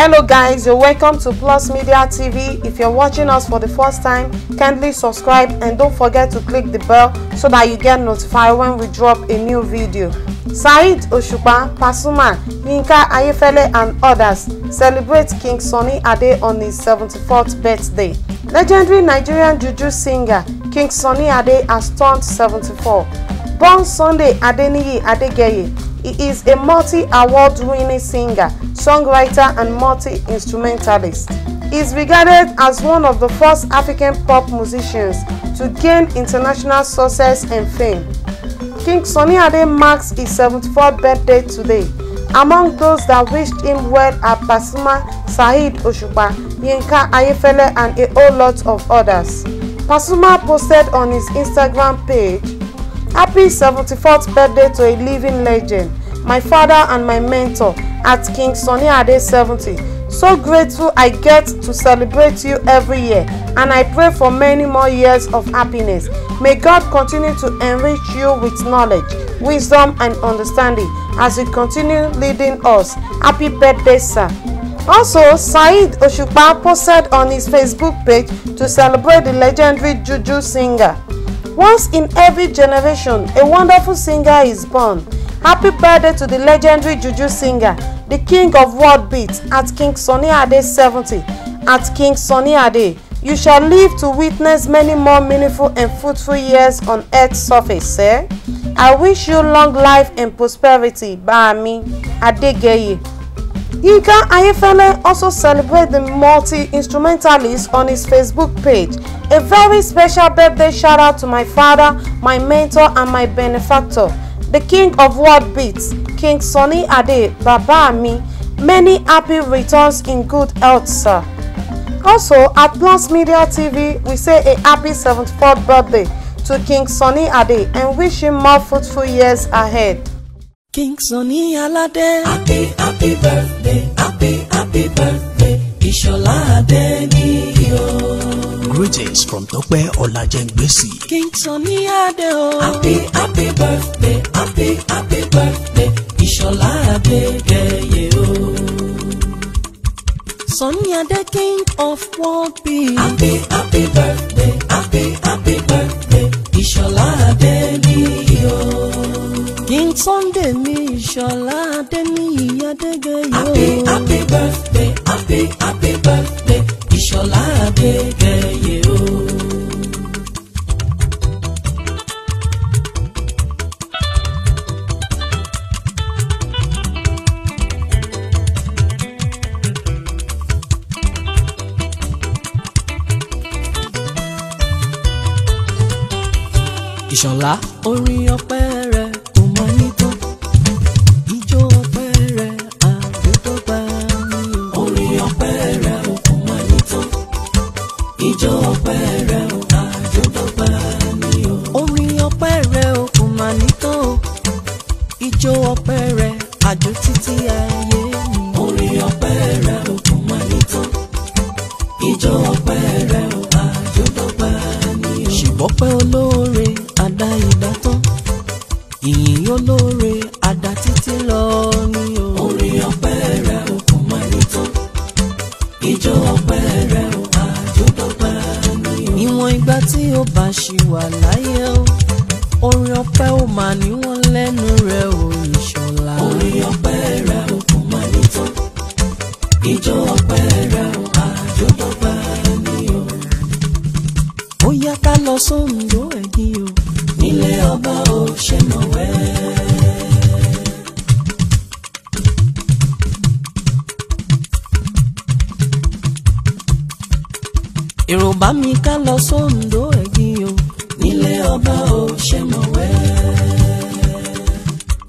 Hello guys, you're welcome to Plus Media TV. If you're watching us for the first time, kindly subscribe and don't forget to click the bell so that you get notified when we drop a new video. Saheed Osupa, Pasuma, Yinka Ayefele and others celebrate King Sunny Ade on his 74th birthday. Legendary Nigerian juju singer King Sunny Ade has turned 74. Born Sunday Adeniyi Adegeye, he is a multi-award-winning singer, songwriter, and multi-instrumentalist. He is regarded as one of the first African pop musicians to gain international success and fame. King Sunny Ade marks his 74th birthday today. Among those that wished him well are Pasuma, Saheed Oshuba, Yinka Ayefele, and a whole lot of others. Pasuma posted on his Instagram page Happy 74th birthday to a living legend, my father and my mentor at King Sunny Ade 70. So grateful I get to celebrate you every year and I pray for many more years of happiness. May God continue to enrich you with knowledge, wisdom and understanding as you continue leading us. Happy birthday, sir. Also, Saheed Osupa posted on his Facebook page to celebrate the legendary Juju singer. Once in every generation, a wonderful singer is born. Happy birthday to the legendary Juju singer, the king of world beats at King Sunny Ade 70. At King Sunny Ade, you shall live to witness many more meaningful and fruitful years on earth's surface, eh? I wish you long life and prosperity, Bami Adegeye. Yinka Ayefele also celebrated the multi-instrumentalist on his Facebook page. A very special birthday shout out to my father, my mentor and my benefactor, the king of world beats, King Sunny Ade, Baba Ami. Many happy returns in good health, sir. Also, at Blast Media TV, we say a happy 74th birthday to King Sunny Ade and wish him more fruitful years ahead. King Sunny Aládé. Happy happy birthday happy happy birthday Ìṣọ̀lá Adéníyì o. Greetings from Tọ́pẹ́ Ọlájẹ́ngbèsì. King Sunny Adé o. Happy happy birthday happy happy birthday Ìṣọ̀lá Adédèyẹ o. Sunny Adé king of world beat. Happy happy birthday happy happy birthday Ìṣọ̀lá Adéníyì o. Sunday mi Ìṣọ̀lá Adéníyì Adégẹyọ. happy happy birthday happy happy birthday Ìṣọ̀lá Adégẹyọ. Ìṣọ̀lá. orin ọpẹ́ ijó ọpẹ́ rẹ̀ àjò títí ayé mi. orin ọpẹ́ rẹ̀ ò kún wá ní tán ijó ọpẹ́ rẹ̀ ò àjò dọ́gba ni o. ṣùgbọ́n pé olóore àdá ìdátán ìyìn olóore àdá títí lọ ni o. orin ọpẹ́ rẹ̀ ò kún wá ní tán ijó ọpẹ́ rẹ̀ ò àjò dọ́gba ni o. ìwọ̀n ìgbà tí ó bá ṣì wà láyé o orin ọpẹ́ ó máa ní wọ́n lẹ́nu rẹ̀ ò ìṣọ̀lá. orin ọpẹ́ rẹ̀ ò kò máa ní tán ìjọ ọpẹ́ rẹ̀ ò àjọdọ́gba ni o. ó yá ká lọ sóńdó ẹ̀dí o. nílé ọba ò ṣe mọ̀ wẹ́ẹ́. èrò bá mi ká lọ sóńdó ọba o ṣe mọ̀ wẹ́.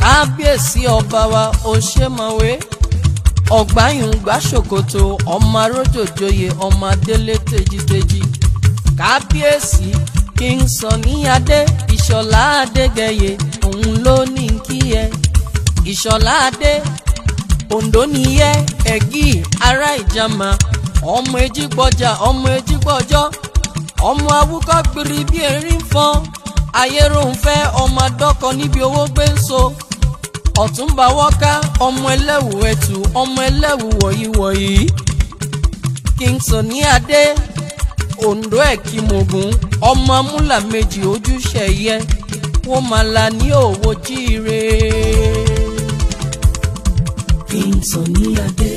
kábíyèsí ọba wa o ṣe mọ̀ wẹ́ ọmọ arójòjòyè ọmọ adélé tejiteji kábíyèsí kí n sọ ní adé ìṣọ̀lá adégẹyè òun ló ní kí ẹ adé ondo nìyẹ ẹgí ará ìjàmà ọmọ ejigbọjà ọmọ ejigbọjọ ọmọ awúkọ gbiri bí erin fọn ayéròǹfẹ́ ọmọ adọ́kọ níbi owó gbé ń so ọ̀túnba wọ́ká ọmọ ẹlẹ́wù ẹ̀tù ọmọ ẹlẹ́wù wọ̀yí wọ̀yí King Sunny Adé Ondo ẹ̀kímogun ọmọ amúlà méjì ojúṣe yẹ wọ́n máa la ní òwò jíire. King Sunny Adé.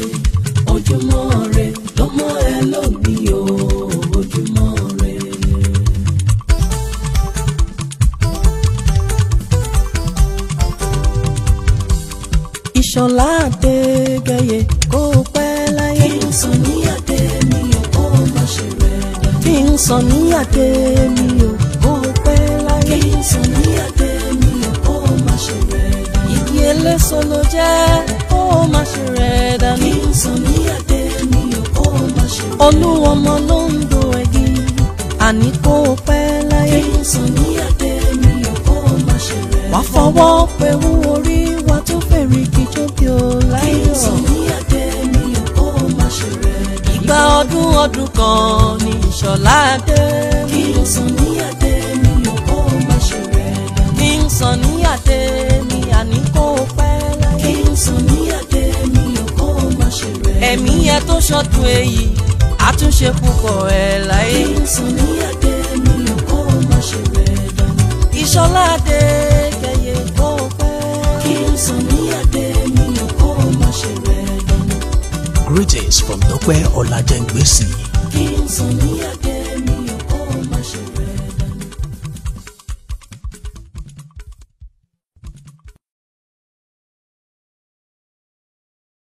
Adégẹyè kó pẹ́ láyé. kí n sọ ní àdé mi ò kó má ṣe rẹ̀ dá. kí n sọ ní àdé mi ò kó pẹ́ láyé. kí n sọ ní àdé mi ò kó má ṣe rẹ̀ dá. igi eléso ló jẹ́ kó má ṣe rẹ̀ dá. kí n sọ ní àdé mi ò kó má ṣe rẹ̀ dá. olúwọmọ ló ń do ẹ̀gì àní kó pẹ́ láyé. kí n sọ ní àdé mi ò kó má ṣe rẹ̀ dá. wàá fọwọ́ pẹ̀lú orí wa tó fèrè kí. ọdún kan ní ìṣọ̀lá dé. kí n sàn ní àtẹ mi ò kó má ṣe rẹ̀ dá. kí n sàn ní àtẹ mi àní kó pẹ́ láyé. kí n sàn ní àtẹ mi ò kó má ṣe rẹ̀ dá. ẹ̀mí ẹ tó ṣọ̀tún èyí àtúnṣe púpọ̀ ẹ̀ láyé. kí n sàn ní àtẹ mi ò kó má ṣe rẹ̀ dá. ìṣọ̀lá dé. Greetings from Nokwe Olajengbesi. Kí n sùn ní